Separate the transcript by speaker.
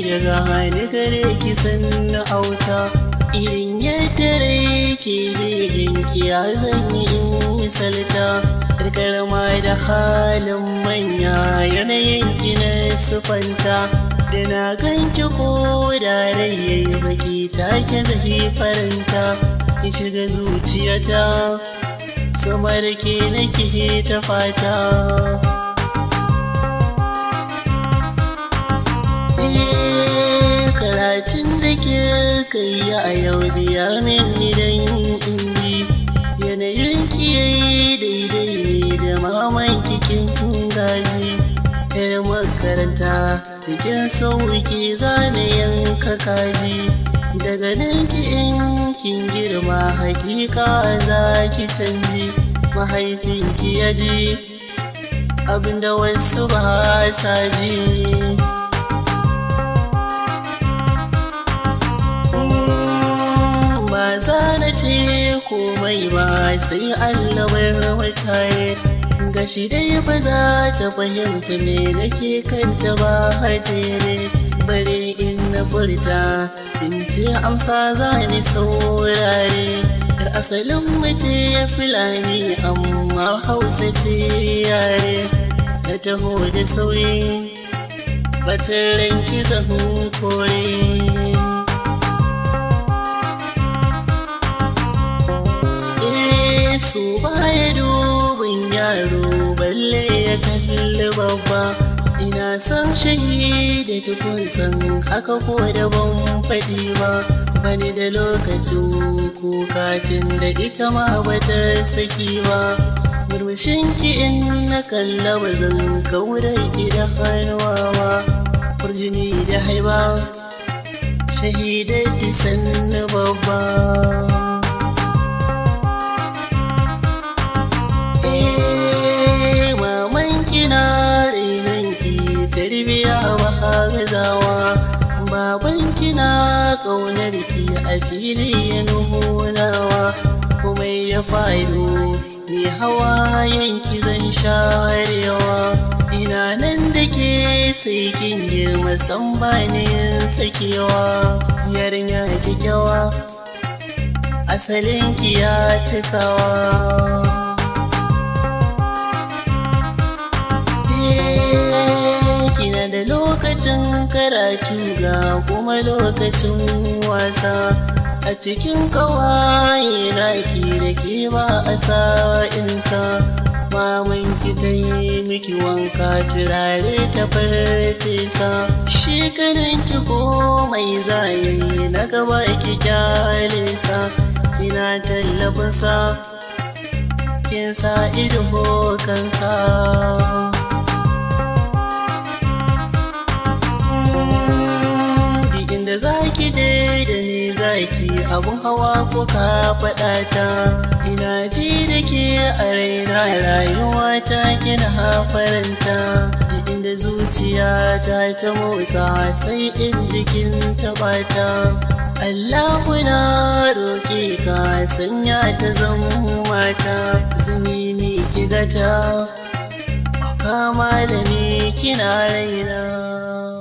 Speaker 1: daga hannu gare ki sannu auta irin yadda rai ke bidin ki ya zanyi misalta karkarma da halin manya yanayin ki na sufanta da na ganki ko da rai yayi baki take zahi faranta ki shiga zuciyata sama da ke nake ta fata karatun da ke kai a yau biya min nidan inji yanayin kiyayi daidai ne da maman kikin gaji ɗaya makaranta bikin sauki zane yanka kaji daga nan ki in kin girma hakika za ki canji mahaifinki ya abinda wasu ba sa ji sai Allah bar ga gashi dai ba za ta fahimta me nake kanta ba hajere bare in na furta in ce amsa za ni saurare kar asalin mace ya filani amma hausa ce yare ta taho da sauri batun ranki zahun kore dubin yaro balle ya kalli babba ina son shi da tukun san haka ko da ban faɗi ba bani da lokacin kukatin da ita ma bata saki ba murmushin ki in na kalla ba zan kaurai gida hannuwa ba kurjini da haiba shahidai sannu babba ƙaunar a fili ya nunawa kuma ya faru ni hawa yanki zan shawarewa ina nan da ke sai kin girma san banin sakewa yarinya kyakkyawa asalin ki ya cikawa kuma lokacin wasa a cikin kawai na ki da ke ba a sa'insa maman ki yi miki wanka turare ta farfesa shekaran ki komai zayayi na gaba ki kyalesa kina tallafasa kin sa ido abun hawa ko ka faɗa ta ina ji da ke a raina rayuwa ta kina faranta inda zuciya ta ta motsa sai in jikin ta bata Allahu na roƙe ka sanya ta zama mata zumi mi kiga ta ka malami kina raina